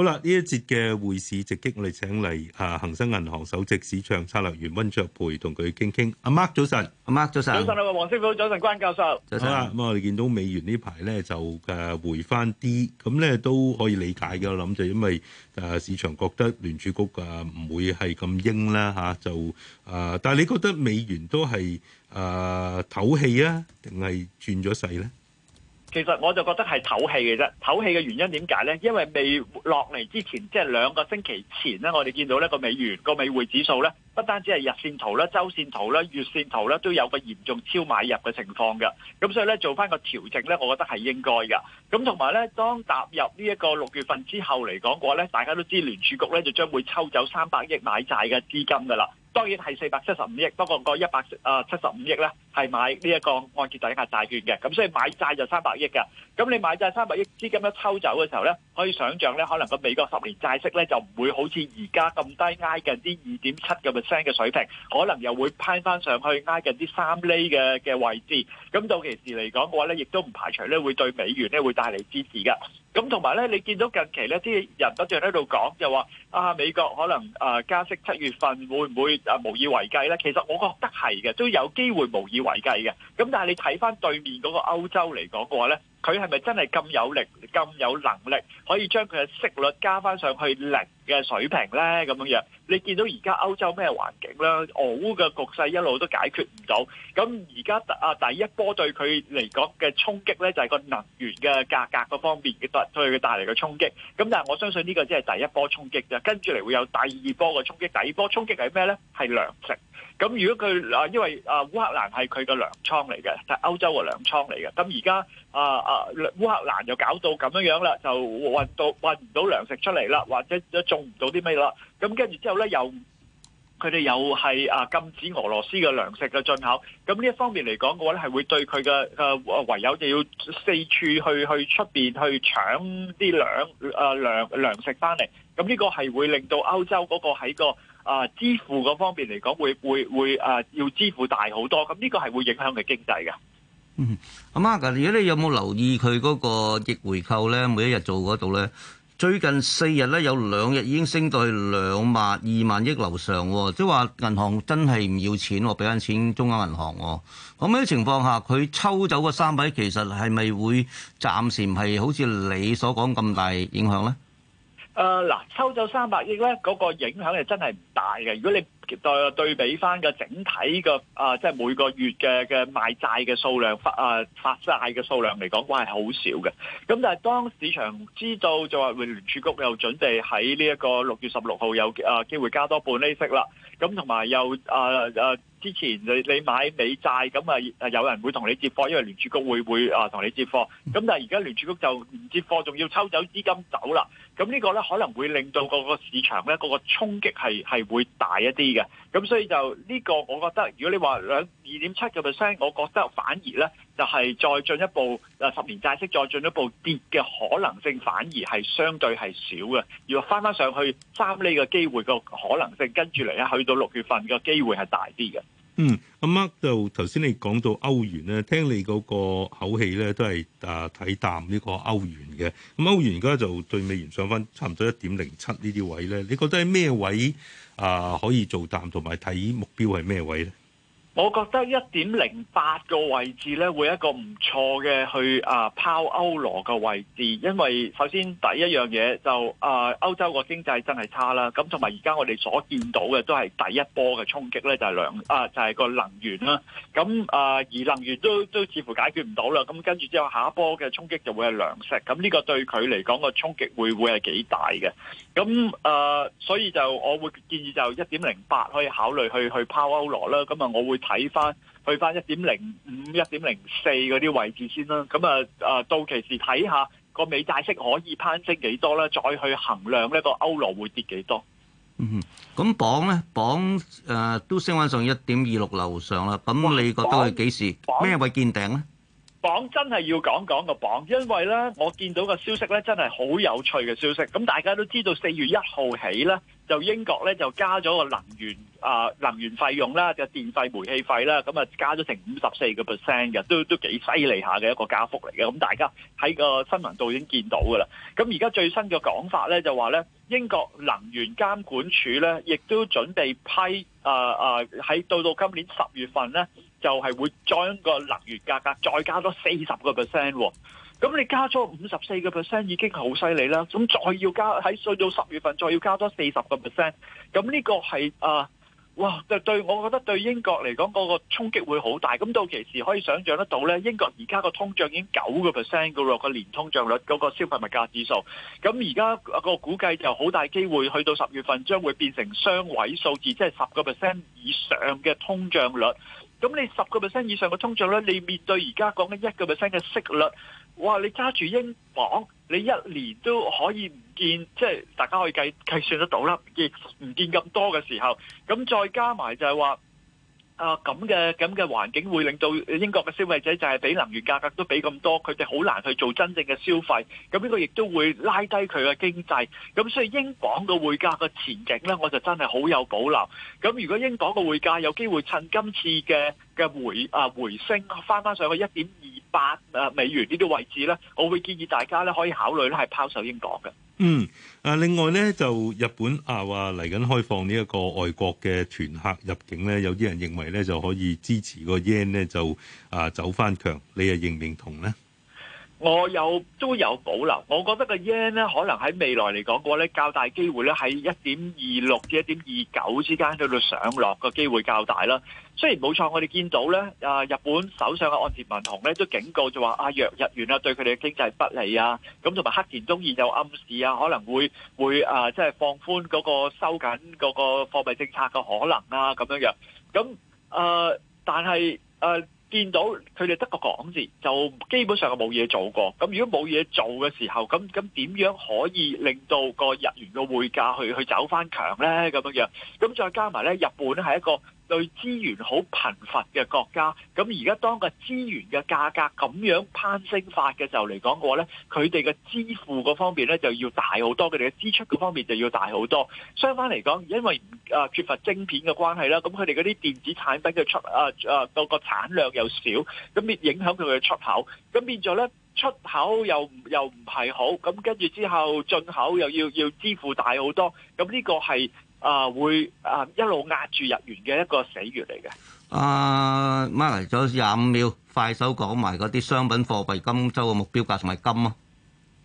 好啦，呢一節嘅匯市直擊，我哋請嚟啊恒生銀行首席市場策略員溫灼培同佢傾傾。阿 Mark 早晨，阿 Mark 早晨，早晨啦，黃師傅，早晨，關教授。早晨啦，咁啊，我哋見到美元呢排咧就誒回翻啲，咁咧都可以理解嘅，諗就因為誒市場覺得聯儲局啊唔會係咁鷹啦吓，就啊，但係你覺得美元都係誒唞氣啊，定係轉咗勢咧？其實我就覺得係唞氣嘅啫，唞氣嘅原因點解呢？因為未落嚟之前，即係兩個星期前呢，我哋見到呢個美元個美匯指數呢，不單止係日線圖啦、周線圖啦、月線圖啦，都有個嚴重超買入嘅情況嘅。咁所以呢，做翻個調整呢，我覺得係應該㗎。咁同埋呢，當踏入呢一個六月份之後嚟講嘅話呢，大家都知聯儲局呢，就將會抽走三百億買債嘅資金㗎啦。當然係四百七十五億，不過個一百啊七十五億呢，係買呢一個按揭抵押債券嘅，咁所以買債就三百億㗎。咁你買債三百億資金一抽走嘅時候咧，可以想像咧，可能個美國十年債息咧就唔會好似而家咁低挨近啲二點七嘅 percent 嘅水平，可能又會攀返上去挨近啲三厘嘅嘅位置。咁到其時嚟講嘅話咧，亦都唔排除咧會對美元咧會帶嚟支持㗎。咁同埋咧，你見到近期咧啲人不斷喺度講，就話啊美國可能加息七月份會唔會啊無以為繼咧？其實我覺得係嘅，都有機會無以。嘅，咁但係你睇翻對面嗰個歐洲嚟講嘅話咧。 佢係咪真係咁有力、咁有能力可以將佢嘅息率加翻上去零嘅水平咧？咁樣樣，你見到而家歐洲咩環境啦？俄烏嘅局勢一路都解決唔到，咁而家啊第一波對佢嚟講嘅衝擊咧，就係、是、個能源嘅價格嗰方面嘅對佢帶嚟嘅衝擊。咁但係我相信呢個只係第一波衝擊啫，跟住嚟會有第二波嘅衝擊。第二波衝擊係咩咧？係糧食。咁如果佢啊，因為啊烏克蘭係佢嘅糧倉嚟嘅，就係歐洲嘅糧倉嚟嘅，咁而家。啊啊，烏克蘭就搞到咁樣樣啦，就運到運唔到糧食出嚟啦，或者種唔到啲咩啦。咁跟住之後咧，又佢哋又係啊禁止俄羅斯嘅糧食嘅進口。咁呢一方面嚟講嘅話咧，係會對佢嘅，啊、唯有就要四處去去出邊去搶啲糧啊糧糧食翻嚟。咁呢個係會令到歐洲嗰個喺個啊支付嗰方面嚟講，會會會啊要支付大好多。咁呢個係會影響佢經濟嘅。阿、嗯、Mark，如果你有冇留意佢嗰個逆回購咧，每一日做嗰度咧，最近四日咧有兩日已經升到去兩萬二萬億樓上喎，即係話銀行真係唔要錢喎，俾返錢中央銀行喎。咁樣情況下，佢抽走個三百億，其實係咪會暫時唔係好似你所講咁大影響咧？誒嗱、呃，抽走三百億咧，嗰、那個影響係真係唔大嘅。如果你對對比翻嘅整體嘅啊，即係每個月嘅嘅賣債嘅數量發啊發債嘅數量嚟講，關係好少嘅。咁但係當市場知道就話聯儲局又準備喺呢一個六月十六號有啊機會加多半釐息啦。咁同埋又啊啊，之前你你買美債咁啊，有人會同你接貨，因為聯儲局會會啊同你接貨。咁但係而家聯儲局就唔接貨，仲要抽走資金走啦。咁呢個咧可能會令到個個市場咧個個衝擊係係會大一啲嘅。咁所以就呢個，我覺得如果你話兩二點七個 percent，我覺得反而咧。就係再進一步，啊，十年債息再進一步跌嘅可能性，反而係相對係少嘅。如果翻翻上去三呢嘅機會嘅可能性，跟住嚟咧去到六月份嘅機會係大啲嘅。嗯，阿 m 就頭先你講到歐元咧，聽你嗰個口氣咧，都係啊睇淡呢個歐元嘅。咁歐元而家就對美元上翻差唔多一點零七呢啲位咧，你覺得喺咩位啊、呃、可以做淡同埋睇目標係咩位咧？我覺得一點零八個位置咧，會一個唔錯嘅去啊拋歐羅嘅位置，因為首先第一樣嘢就啊歐洲個經濟真係差啦，咁同埋而家我哋所見到嘅都係第一波嘅衝擊咧，就係糧啊就係個能源啦，咁啊而能源都都似乎解決唔到啦，咁跟住之後下一波嘅衝擊就會係糧食，咁呢個對佢嚟講個衝擊會唔會係幾大嘅。咁誒、呃，所以就我會建議就一點零八可以考慮去去拋歐羅啦。咁啊，我會睇翻去翻一點零五、一點零四嗰啲位置先啦。咁啊，誒、呃、到期時睇下個美債息可以攀升幾多咧，再去衡量呢個歐羅會跌幾多。嗯，咁榜咧，榜誒、呃、都升翻上一點二六樓上啦。咁哇你覺得佢幾時咩位見頂咧？榜真係要講講個榜，因為咧，我見到個消息咧，真係好有趣嘅消息。咁大家都知道4 1，四月一號起咧。就英國咧就加咗個能源啊、呃、能源費用啦，就電費、煤氣費啦，咁啊加咗成五十四個 percent 嘅，都都幾犀利下嘅一個加幅嚟嘅。咁大家喺個新聞度已經見到噶啦。咁而家最新嘅講法咧就話咧，英國能源監管處咧亦都準備批啊啊，喺、呃、到、呃、到今年十月份咧，就係會將個能源價格再加多四十個 percent 喎。咁你加咗五十四個 percent 已經好犀利啦，咁再要加喺到十月份再要加多四十個 percent，咁呢個係啊，哇！對，我覺得對英國嚟講嗰個衝擊會好大。咁到其時可以想象得到呢，英國而家個通脹已經九個 percent 噶啦，個年通脹率嗰個消費物價指數。咁而家個估計就好大機會去到十月份將會變成雙位數字，即係十個 percent 以上嘅通脹率。咁你十個 percent 以上嘅通脹率，你面對而家講緊一個 percent 嘅息率。哇！你揸住英鎊，你一年都可以唔見，即係大家可以計算得到啦，亦唔見咁多嘅時候。咁再加埋就係話啊咁嘅咁嘅環境，會令到英國嘅消費者就係俾能源價格都俾咁多，佢哋好難去做真正嘅消費。咁呢個亦都會拉低佢嘅經濟。咁所以英鎊嘅匯價嘅前景呢，我就真係好有保留。咁如果英鎊嘅匯價有機會趁今次嘅嘅回啊回升返返上去一點二。八啊美元呢啲位置咧，我會建議大家咧，可以考慮咧係拋售英鎊嘅。嗯，啊另外咧就日本啊話嚟緊開放呢一個外國嘅團客入境咧，有啲人認為咧就可以支持個 yen 呢，就啊走返強，你又認唔認同咧？我有都有保留，我覺得個 yen 咧，可能喺未來嚟講嘅話咧，較大機會咧喺一點二六至一點二九之間喺度上落個機會較大啦。雖然冇錯，我哋見到咧，啊日本首相嘅岸田文雄咧都警告就話啊，弱日元啊對佢哋嘅經濟不利啊，咁同埋黑田東彥又暗示啊可能會會啊即係、就是、放寬嗰個收緊嗰個貨幣政策嘅可能啊咁樣樣。咁啊，但係啊。見到佢哋得個講字，就基本上冇嘢做過。咁如果冇嘢做嘅時候，咁咁點樣可以令到個日元嘅匯價去去走返強呢？咁樣樣，咁再加埋呢，日本咧係一個。對資源好貧乏嘅國家，咁而家當個資源嘅價格咁樣攀升法嘅時候嚟講嘅話咧，佢哋嘅支付嗰方面咧就要大好多，佢哋嘅支出嗰方面就要大好多。相反嚟講，因為啊缺乏晶片嘅關係啦，咁佢哋嗰啲電子產品嘅出啊啊個個產量又少，咁變影響佢嘅出口，咁變咗咧出口又又唔係好，咁跟住之後進口又要要支付大好多，咁呢個係。啊，會啊一路壓住日元嘅一個死穴嚟嘅。啊，孖嚟咗廿五秒，快手講埋嗰啲商品貨幣，今週嘅目標價同埋金啊。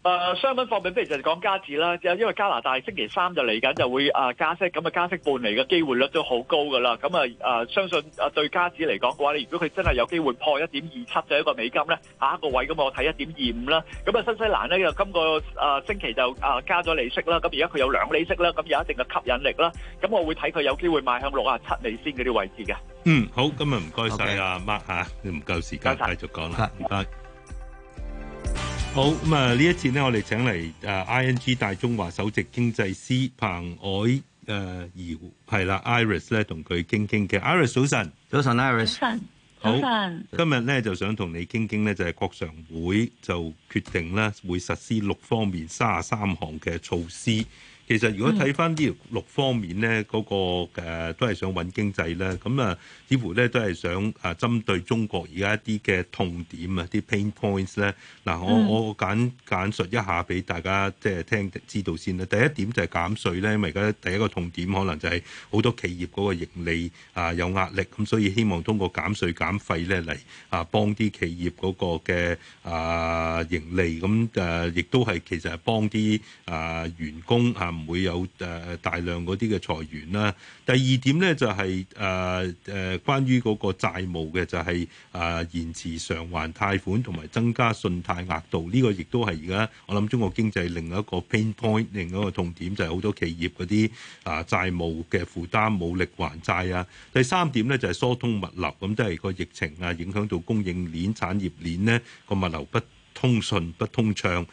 誒、呃、商品方面，不如就講加紙啦。因為加拿大星期三就嚟緊，就會誒加息，咁啊加息半厘嘅機會率都好高噶啦。咁啊誒，相信誒對加紙嚟講嘅話，如果佢真係有機會破一點二七就一個美金咧，下一個位咁我睇一點二五啦。咁啊新西蘭咧又今個誒星期就誒加咗利息啦。咁而家佢有兩利息啦，咁有一定嘅吸引力啦。咁我會睇佢有機會賣向六啊七美仙嗰啲位置嘅。嗯，好，今日唔該晒啊 Mark 吓，你唔夠時間繼續講啦，唔該。好咁啊！呢一次我哋請嚟 ING 大中華首席經濟師彭藹誒嬈係啦，Iris 咧同佢傾傾偈。Iris ris，早晨，早晨，Iris。早晨，好，今日咧就想同你傾傾咧，就係國常會就決定咧，會實施六方面三十三項嘅措施。其實如果睇翻呢六方面咧，嗰個誒都係想穩經濟啦，咁啊似乎咧都係想啊針對中國而家一啲嘅痛點啊，啲 pain points 咧，嗱我我簡簡述一下俾大家即係聽知道先啦。第一點就係減稅咧，因為而家第一個痛點可能就係好多企業嗰個盈利啊有壓力，咁所以希望通過減稅減費咧嚟啊幫啲企業嗰個嘅啊盈利，咁誒亦都係其實係幫啲啊員工啊。唔會有誒大量嗰啲嘅裁員啦。第二點呢，就係誒誒關於嗰個債務嘅，就係誒延遲償還貸款同埋增加信貸額度。呢個亦都係而家我諗中國經濟另一個 pain point，另一個痛點就係好多企業嗰啲啊債務嘅負擔冇力還債啊。第三點呢，就係疏通物流，咁都係個疫情啊影響到供應鏈產業鏈呢個物流不通順不通暢。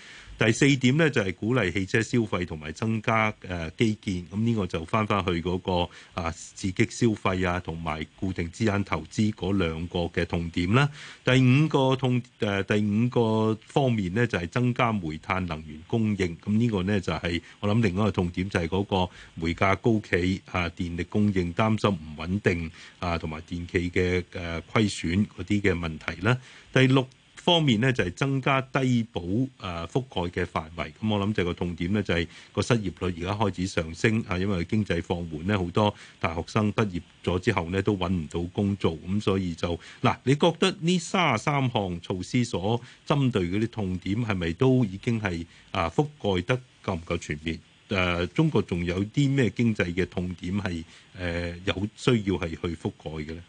第四點呢，就係鼓勵汽車消費同埋增加誒基建，咁呢個就翻翻去嗰個啊刺激消費啊，同埋固定資產投資嗰兩個嘅痛點啦。第五個痛誒第五個方面呢，就係增加煤炭能源供應，咁呢個呢、就是，就係我諗另一個痛點就係嗰個煤價高企啊，電力供應擔心唔穩定啊，同埋電企嘅誒虧損嗰啲嘅問題啦。第六，方面呢，就係增加低保誒覆蓋嘅範圍。咁我諗就個痛點呢，就係個失業率而家開始上升，啊，因為經濟放緩呢，好多大學生畢業咗之後呢，都揾唔到工做，咁所以就嗱，你覺得呢三十三項措施所針對嗰啲痛點，係咪都已經係啊覆蓋得夠唔夠全面？誒、呃？中國仲有啲咩經濟嘅痛點是，係、呃、誒有需要係去覆蓋嘅咧？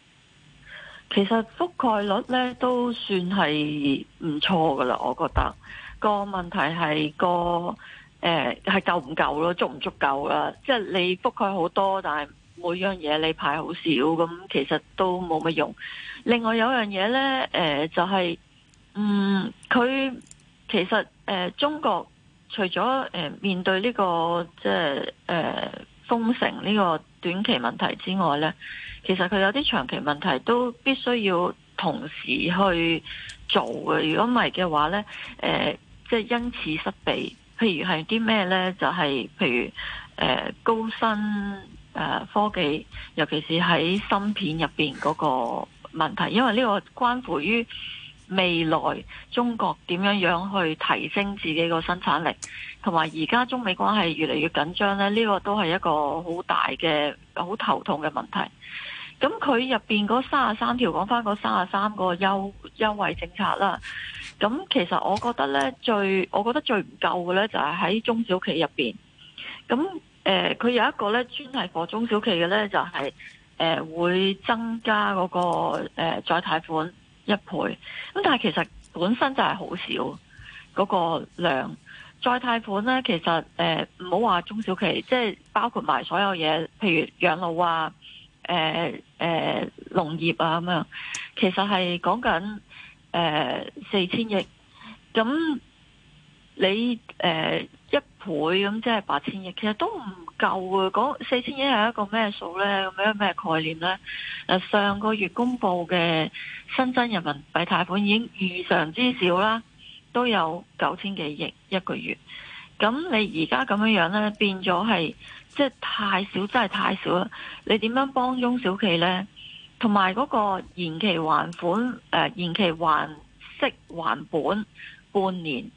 其實覆蓋率咧都算係唔錯噶啦，我覺得個問題係個係、呃、夠唔夠咯，足唔足夠啦？即係你覆蓋好多，但係每樣嘢你排好少，咁其實都冇乜用。另外有樣嘢咧、呃，就係、是，嗯，佢其實、呃、中國除咗面對呢個即係誒。呃工程呢個短期問題之外呢，其實佢有啲長期問題都必須要同時去做嘅。如果唔係嘅話呢誒，即、呃、係、就是、因此失備。譬如係啲咩呢？就係、是、譬如、呃、高新、呃、科技，尤其是喺芯片入邊嗰個問題，因為呢個關乎於未來中國點樣樣去提升自己個生產力。同埋而家中美關係越嚟越緊張咧，呢、這個都係一個好大嘅好頭痛嘅問題。咁佢入面嗰三十三條講返嗰三十三個優優惠政策啦。咁其實我覺得咧，最我覺得最唔夠嘅咧，就係、是、喺中小企入面。咁誒，佢、呃、有一個咧專係畀中小企嘅咧，就係、是、誒、呃、會增加嗰、那個誒再、呃、貸款一倍。咁但係其實本身就係好少嗰、那個量。再貸款咧，其實誒唔好話中小企，即係包括埋所有嘢，譬如養老啊、誒、呃、誒、呃、農業啊咁樣，其實係講緊誒四千億。咁你誒、呃、一倍咁即係八千億，其實都唔夠嘅。講四千億係一個咩數咧？咁樣咩概念咧？誒上個月公布嘅新增人民幣貸款已經異常之少啦。都有九千幾億一個月，咁你而家咁樣樣咧，變咗係即係太少，真係太少啦！你點樣幫中小企呢？同埋嗰個延期還款誒、呃，延期還息還本半年，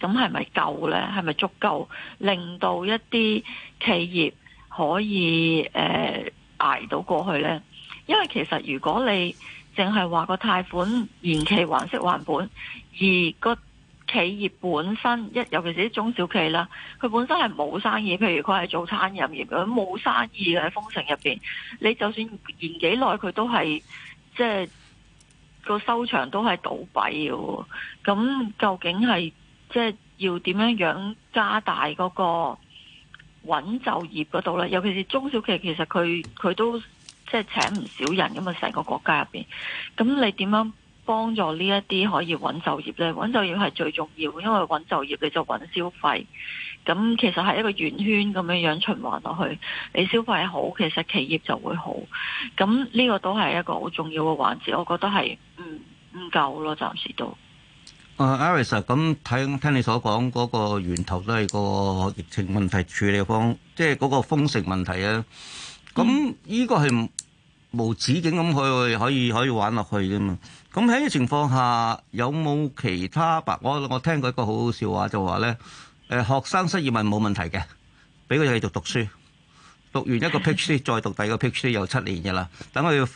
咁係咪夠呢？係咪足夠令到一啲企業可以誒挨、呃、到過去呢？因為其實如果你淨係話個貸款延期還息還本，而個企業本身一，尤其是啲中小企啦，佢本身係冇生意，譬如佢係做餐飲業，咁冇生意嘅，喺封城入邊，你就算延幾耐，佢都係，即係個收場都係倒閉嘅。咁究竟係即係要點樣樣加大嗰個穩就業嗰度咧？尤其是中小企，其實佢佢都。即係請唔少人，咁啊成個國家入邊，咁你點樣幫助呢一啲可以揾就業呢？揾就業係最重要，因為揾就業你就揾消費，咁其實係一個圓圈咁樣樣循環落去。你消費好，其實企業就會好。咁呢個都係一個好重要嘅環節，我覺得係唔唔夠咯，暫時都。Iris 咁、uh, 啊嗯、聽聽你所講嗰、嗰個源頭都係個疫情問題處理方，即係嗰個封城問題啊。咁呢、嗯、個係無,無止境咁去可以可以,可以玩落去啫嘛？咁喺呢情況下有冇其他白？我我聽過一個好好笑話就話咧誒學生失業咪冇問題嘅，俾佢哋繼續讀書。讀完一個 picture 咧，再讀第二個 picture 咧，又七年嘅啦。等佢，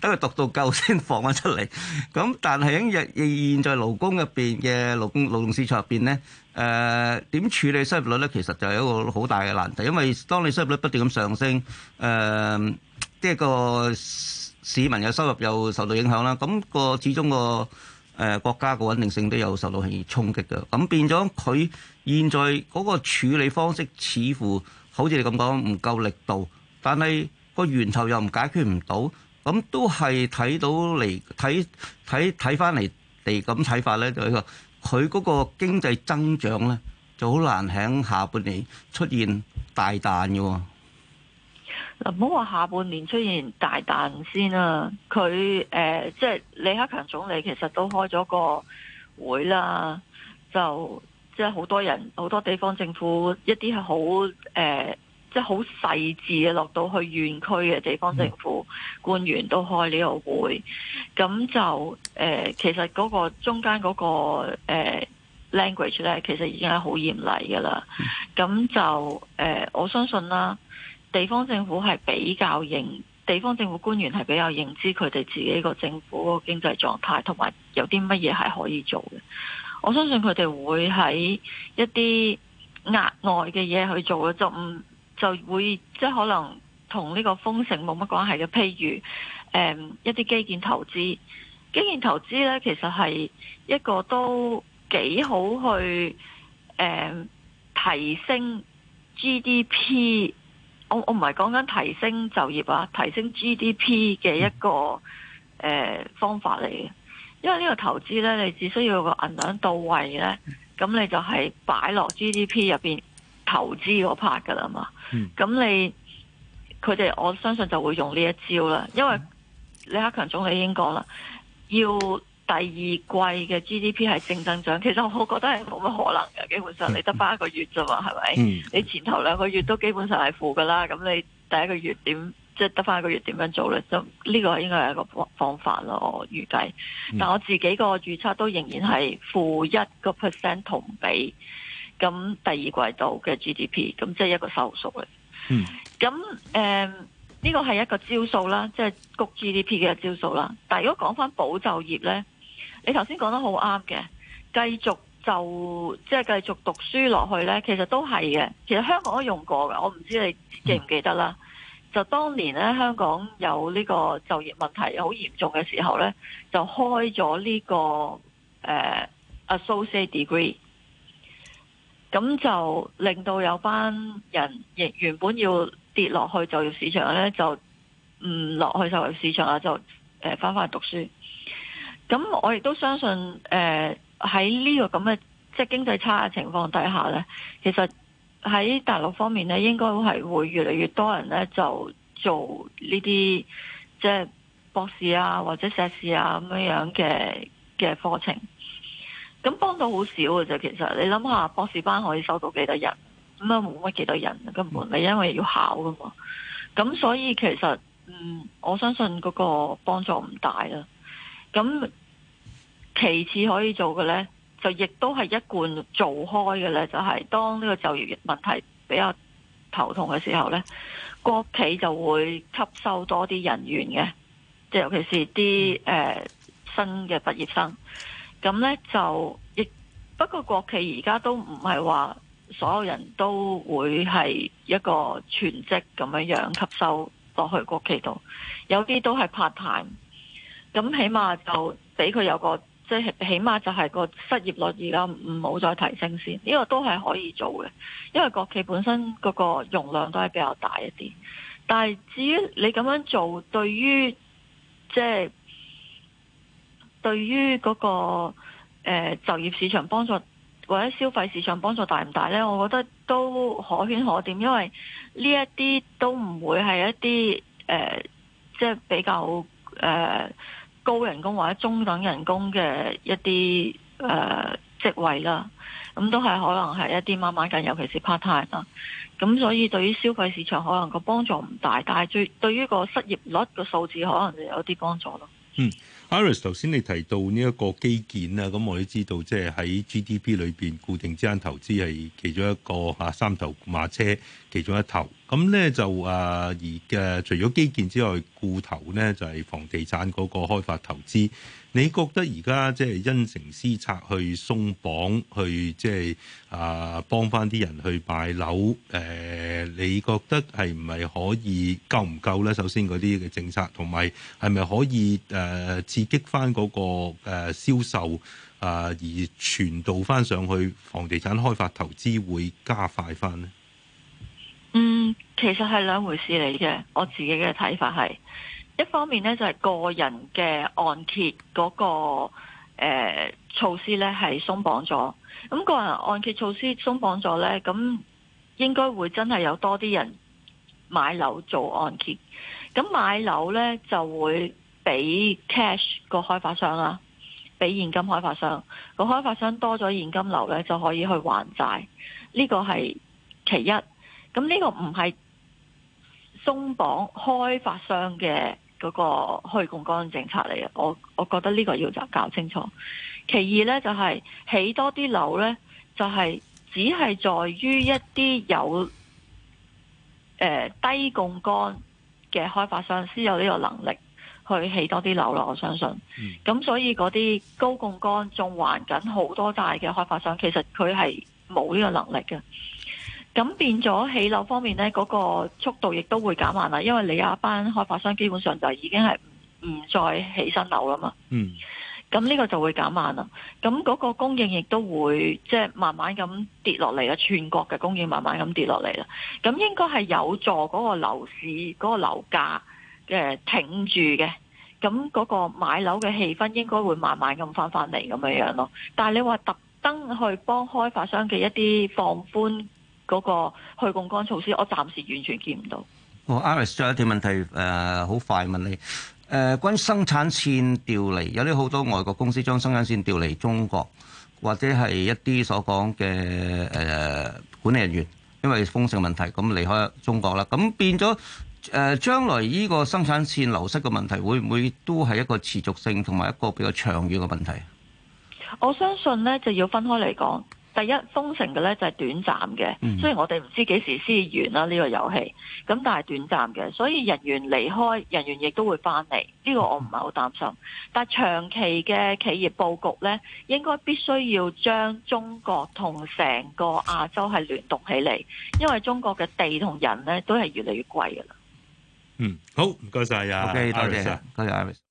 等佢讀到夠先放返出嚟。咁但係喺現現在勞工入邊嘅勞工勞動市場入邊咧，誒點處理失業率咧，其實就係一個好大嘅難題。因為當你失業率不斷咁上升，誒，即係個市民嘅收入又受到影響啦。咁個始終個誒國家嘅穩定性都有受到輕易衝擊嘅，咁變咗佢現在嗰個處理方式似乎好似你咁講唔夠力度，但係個源頭又唔解決唔到，咁都係睇到嚟睇睇睇翻嚟嚟咁睇法咧，就係佢嗰個經濟增長咧就好難喺下半年出現大彈嘅。唔好話下半年出現大彈先啦、啊。佢誒、呃，即係李克強總理其實都開咗個會啦，就即係好多人、好多地方政府，一啲係好誒，即係好細緻嘅，落到去縣區嘅地方政府官員都開呢個會，咁就誒、呃，其實嗰個中間嗰、嗰個誒、呃、language 咧，其實已經係好嚴厲噶啦。咁就誒、呃，我相信啦。地方政府係比較認，地方政府官員係比較認知佢哋自己個政府個經濟狀態，同埋有啲乜嘢係可以做嘅。我相信佢哋會喺一啲額外嘅嘢去做嘅，就唔就會即可能同呢個封城冇乜關係嘅。譬如、嗯、一啲基建投資，基建投資呢其實係一個都幾好去、嗯、提升 GDP。我我唔係講緊提升就業啊，提升 GDP 嘅一個誒、呃、方法嚟嘅，因為呢個投資咧，你只需要個銀兩到位咧，咁你就係擺落 GDP 入邊投資嗰 part 噶啦嘛，咁、嗯、你佢哋我相信就會用呢一招啦，因為李克強總理已經講啦，要。第二季嘅 GDP 係正增長，其實我覺得係冇乜可能嘅。基本上你得翻一個月咋嘛，係咪？嗯、你前頭兩個月都基本上係負噶啦，咁你第一個月點即係得翻一個月點樣做呢？咁呢個應該係一個方法咯。我預計，但我自己個預測都仍然係負一個 percent 同比。咁第二季度嘅 GDP，咁即係一個收縮嘅。咁誒、嗯，呢、嗯呢個係一個招數啦，即係谷 GDP 嘅招數啦。但係如果講翻保就業呢？你頭先講得好啱嘅，繼續就即係、就是、繼續讀書落去呢，其實都係嘅。其實香港都用過嘅，我唔知你記唔記得啦。就當年呢，香港有呢個就業問題好嚴重嘅時候呢，就開咗呢、這個誒、呃、associate degree，咁就令到有班人亦原本要跌落去就業市場呢，就唔落去就業市場啦，就返翻返去讀書。咁我亦都相信，誒喺呢個咁嘅即係經濟差嘅情況底下呢，其實喺大陸方面呢，應該係會越嚟越多人呢，就做呢啲即係博士啊或者碩士啊咁樣樣嘅嘅課程。咁幫到好少嘅啫，其實你諗下，博士班可以收到幾多人？咁啊冇乜幾多人，根本你因為要考㗎嘛。咁所以其實嗯，我相信嗰個幫助唔大啦。咁其次可以做嘅呢，就亦都係一貫做開嘅呢，就係、是、當呢個就業問題比較頭痛嘅時候呢，國企就會吸收多啲人員嘅，即係尤其是啲誒、呃、新嘅畢業生。咁呢，就亦不過國企而家都唔係話所有人都會係一個全職咁樣樣吸收落去國企度，有啲都係 part time。咁起碼就俾佢有個。即係起碼就係個失業率而家唔好再提升先。呢、這個都係可以做嘅，因為國企本身嗰個容量都係比較大一啲。但係至於你咁樣做，對於即係、就是、對於嗰、那個誒、呃、就業市場幫助或者消費市場幫助大唔大呢，我覺得都可圈可點，因為呢一啲都唔會係一啲誒，即、呃、係、就是、比較誒。呃高人工或者中等人工嘅一啲誒、呃、職位啦，咁都係可能係一啲慢慢緊，尤其是 part time 啦。咁所以對於消費市場可能個幫助唔大，但係最對於個失業率個數字可能就有啲幫助咯。嗯。Harris，頭先你提到呢一個基建啦，咁我都知道即係喺 GDP 裏邊固定資產投資係其中一個嚇三頭馬車其中一頭，咁咧就誒、而嘅除咗基建之外，固投咧就係房地產嗰個開發投資。你覺得而家即係因城施策去鬆綁，去即、就、係、是、啊幫翻啲人去買樓。誒、啊，你覺得係唔係可以夠唔夠呢？首先嗰啲嘅政策，同埋係咪可以誒、啊、刺激翻嗰、那個誒銷、啊、售啊，而傳導翻上去房地產開發投資會加快翻呢？嗯，其實係兩回事嚟嘅，我自己嘅睇法係。一方面咧就係、是、個人嘅按揭嗰、那個誒、呃、措施咧係鬆綁咗，咁、那個人按揭措施鬆綁咗咧，咁應該會真係有多啲人買樓做按揭，咁買樓咧就會俾 cash 個開發商啦，俾現金開發商，個開發商多咗現金流咧就可以去還債，呢、這個係其一，咁呢個唔係鬆綁開發商嘅。嗰個去槓桿政策嚟嘅，我我覺得呢個要就搞清楚。其二呢，就係、是、起多啲樓呢，就係、是、只係在於一啲有誒、呃、低槓桿嘅開發商先有呢個能力去起多啲樓咯。我相信。咁、嗯、所以嗰啲高槓桿仲還緊好多大嘅開發商，其實佢係冇呢個能力嘅。咁變咗起樓方面呢，嗰個速度亦都會減慢啦，因為你有一班開發商基本上就已經係唔再起新樓啦嘛。嗯。咁呢個就會減慢啦。咁嗰個供應亦都會即係慢慢咁跌落嚟啦，全國嘅供應慢慢咁跌落嚟啦。咁應該係有助嗰個樓市嗰個樓價嘅挺住嘅。咁嗰個買樓嘅氣氛應該會慢慢咁翻翻嚟咁樣樣咯。但係你話特登去幫開發商嘅一啲放寬。嗰個去槓桿措施，我暫時完全見唔到。我 Iris 有一條問題，好快問你，關於生產線調離，有啲好多外國公司將生產線調離中國，或者係一啲所講嘅管理人員，因為封城問題咁離開中國啦。咁變咗誒將來呢個生產線流失嘅問題，會唔會都係一個持續性同埋一個比較長遠嘅問題？我相信咧，就要分開嚟講。第一封城嘅咧就係短暫嘅，嗯、雖然我哋唔知幾時先完啦呢、這個遊戲，咁但係短暫嘅，所以人員離開，人員亦都會翻嚟，呢、這個我唔係好擔心。嗯、但係長期嘅企業布局咧，應該必須要將中國同成個亞洲係聯動起嚟，因為中國嘅地同人咧都係越嚟越貴噶啦。嗯，好，唔該晒啊，多謝，多謝